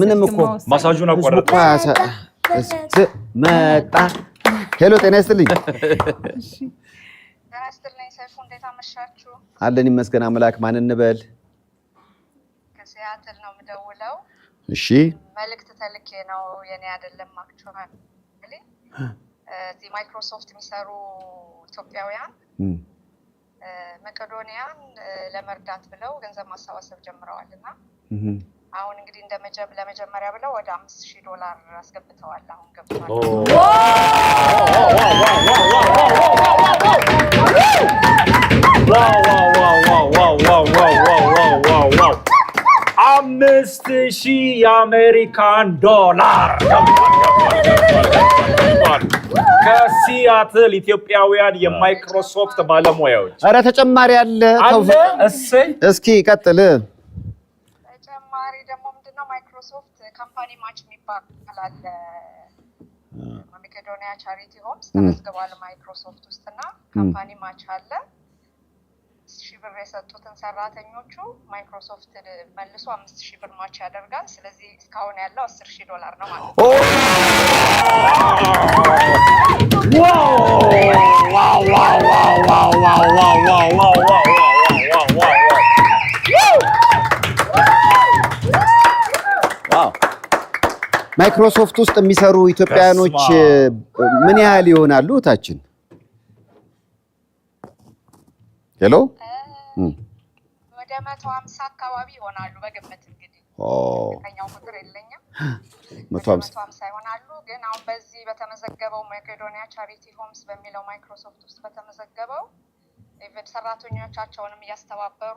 ምንም እኮ ማሳጁን አቋረጠ መጣ። ሄሎ ጤና ይስጥልኝ። አለን ይመስገን አምላክ። ማን እንበል? ከሲያትል ነው የምደውለው። እሺ መልእክት ተልኬ ነው የኔ አይደለም። አክቹዋሊ እዚህ ማይክሮሶፍት የሚሰሩ ኢትዮጵያውያን መቄዶንያን ለመርዳት ብለው ገንዘብ ማሰባሰብ ጀምረዋል እና አሁን እንግዲህ ለመጀመሪያ ብለው ወደ አምስት ሺህ ዶላር አስገብተዋል። አሁን ገብተዋል። አምስት ሺህ የአሜሪካን ዶላር ከሲያትል ኢትዮጵያውያን የማይክሮሶፍት ባለሙያዎች። ኧረ ተጨማሪ አለ። እስኪ ቀጥል። እና ማይክሮሶፍት ካምፓኒ ማች የሚባል አለ። ቻሪቲ ሆምስ ተመዝግቧል ማይክሮሶፍት ውስጥ እና ካምፓኒ ማች አለ። ሺ ብር የሰጡትን ሰራተኞቹ ማይክሮሶፍት መልሶ አምስት ሺ ብር ማች ያደርጋል። ስለዚህ እስካሁን ያለው አስር ሺህ ዶላር ነው ማለት ነው። ማይክሮሶፍት ውስጥ የሚሰሩ ኢትዮጵያውያኖች ምን ያህል ይሆናሉ? እታችን ሄሎ፣ ወደ መቶ ሀምሳ አካባቢ ይሆናሉ በግምት እንግዲህ ከኛው ቁጥር የለኝም። መቶ ሀምሳ ይሆናሉ። ግን አሁን በዚህ በተመዘገበው መቄዶኒያ ቻሪቲ ሆምስ በሚለው ማይክሮሶፍት ውስጥ በተመዘገበው ኢቨንት ሰራተኞቻቸውንም እያስተባበሩ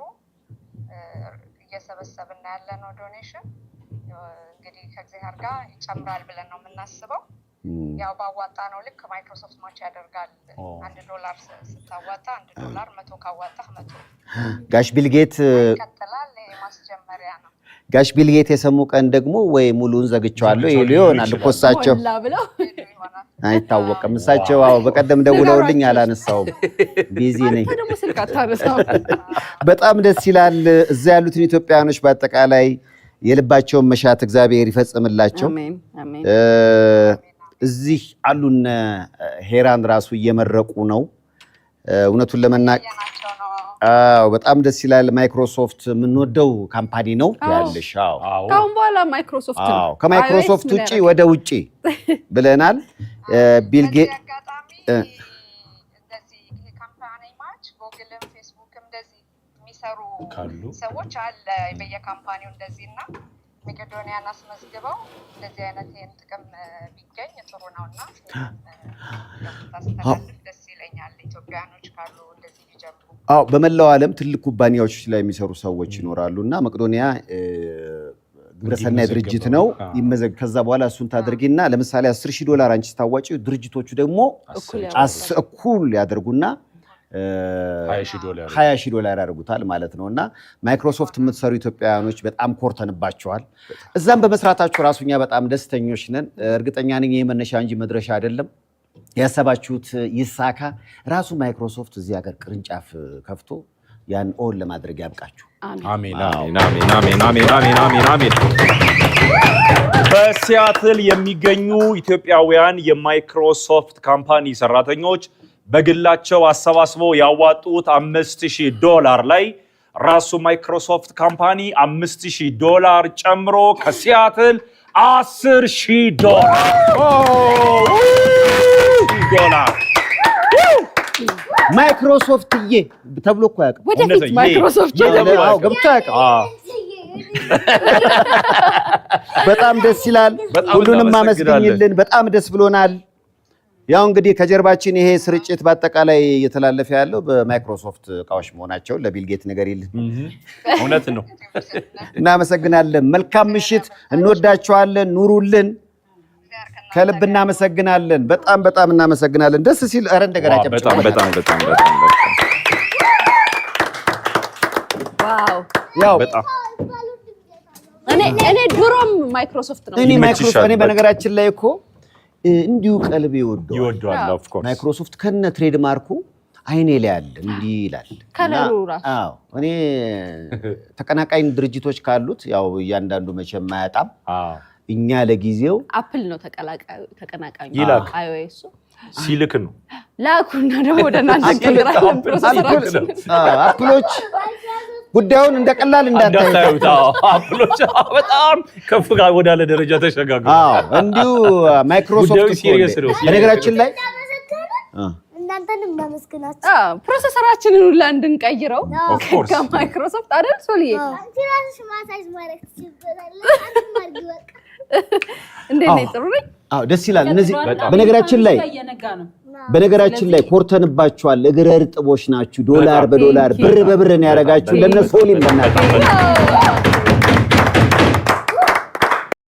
እየሰበሰብን ያለ ነው ዶኔሽን እንግዲህ ከእግዚአብሔር ጋር ይጨምራል ብለን ነው የምናስበው። ያው ባዋጣ ነው ልክ ማይክሮሶፍት ማች ያደርጋል። አንድ ዶላር ስታዋጣ አንድ ዶላር መቶ ካዋጣ መቶ ጋሽ ቢልጌት ይቀጥላል። ማስጀመሪያ ነው። ጋሽ ቢልጌት የሰሙ ቀን ደግሞ ወይ ሙሉን ዘግቸዋለሁ ይሉ ይሆናል እኮ እሳቸው አይታወቅም። እሳቸው አዎ፣ በቀደም ደውለውልኝ አላነሳውም፣ ቢዚ ነኝ። በጣም ደስ ይላል። እዛ ያሉትን ኢትዮጵያውያኖች በአጠቃላይ የልባቸውን መሻት እግዚአብሔር ይፈጽምላቸው። እዚህ አሉነ ሄራን ራሱ እየመረቁ ነው። እውነቱን ለመናቅ በጣም ደስ ይላል። ማይክሮሶፍት የምንወደው ካምፓኒ ነው ያለሽ። ከአሁን በኋላ ማይክሮሶፍት ነው ከማይክሮሶፍት ውጪ ወደ ውጭ ብለናል። ቢልጌ የሚሰሩ ሰዎች አለ በየካምፓኒው እንደዚህ እና መቄዶኒያን አስመዝግበው እንደዚህ አይነት ይህን ጥቅም ቢገኝ ጥሩ ነው እና ታስተላልፍ ደስ ይለኛል። ኢትዮጵያኖች ካሉ እንደዚህ ሊጀምሩ። አዎ በመላው ዓለም ትልቅ ኩባንያዎች ላይ የሚሰሩ ሰዎች ይኖራሉ እና መቄዶኒያ ግብረሰናይ ድርጅት ነው። ከዛ በኋላ እሱን ታደርጊና ለምሳሌ አስር ሺህ ዶላር አንቺ ስታዋጪ ድርጅቶቹ ደግሞ እኩል ያደርጉና ሀያ ሺህ ዶላር ያደርጉታል ማለት ነው። እና ማይክሮሶፍት የምትሰሩ ኢትዮጵያውያኖች በጣም ኮርተንባቸዋል። እዛም በመስራታችሁ ራሱ እኛ በጣም ደስተኞች ነን። እርግጠኛ ነኝ ይህ መነሻ እንጂ መድረሻ አይደለም። ያሰባችሁት ይሳካ። ራሱ ማይክሮሶፍት እዚህ ሀገር ቅርንጫፍ ከፍቶ ያን ኦን ለማድረግ ያብቃችሁ። በሲያትል የሚገኙ ኢትዮጵያውያን የማይክሮሶፍት ካምፓኒ ሰራተኞች በግላቸው አሰባስበው ያዋጡት አምስት ሺህ ዶላር ላይ ራሱ ማይክሮሶፍት ካምፓኒ አምስት ሺህ ዶላር ጨምሮ ከሲያትል አስር ሺህ ዶላር ማይክሮሶፍትዬ ተብሎ እኮ ያውቅም። ወደፊት ማይክሮሶፍት ገብቶ ያውቅም። በጣም ደስ ይላል። ሁሉንም አመስግኝልን። በጣም ደስ ብሎናል። ያው እንግዲህ ከጀርባችን ይሄ ስርጭት በአጠቃላይ እየተላለፈ ያለው በማይክሮሶፍት እቃዎች መሆናቸውን ለቢልጌት ነገር የለም። እውነት ነው። እናመሰግናለን። መልካም ምሽት። እንወዳቸዋለን። ኑሩልን። ከልብ እናመሰግናለን። በጣም በጣም እናመሰግናለን። ደስ ሲል ኧረ እንደገና እኔ ድሮም ማይክሮሶፍት ነው። እኔ ማይክሮሶፍት እኔ በነገራችን ላይ እኮ እንዲሁ ቀልብ ይወደዋል። ማይክሮሶፍት ከነ ትሬድ ማርኩ አይኔ ላይ አለ እንዲህ ይላል። እኔ ተቀናቃኝ ድርጅቶች ካሉት ያው እያንዳንዱ መቼም አያጣም። እኛ ለጊዜው አፕል ነው ተቀናቃኝ ሲልክ ነው ላኩና ደግሞ ወደ እናንተ ፕሮሰሰራችን አፕሎች ጉዳዩን እንደ ቀላል እንዳታዩት። አፕሎች በጣም ከፍ ወዳለ ደረጃ ተሸጋግሯል። እንዲሁ ማይክሮሶፍት በነገራችን ላይ ፕሮሰሰራችንን ሁላ እንድንቀይረው ከማይክሮሶፍት አይደል? ሶልዬ እንዴት ነው? ጥሩ ነኝ። ደስ ይላል። እነዚህ በነገራችን ላይ በነገራችን ላይ ኮርተንባችኋል። እግረ እርጥቦች ናችሁ። ዶላር በዶላር ብር በብር ነው ያደረጋችሁ ለእነ ሶሊም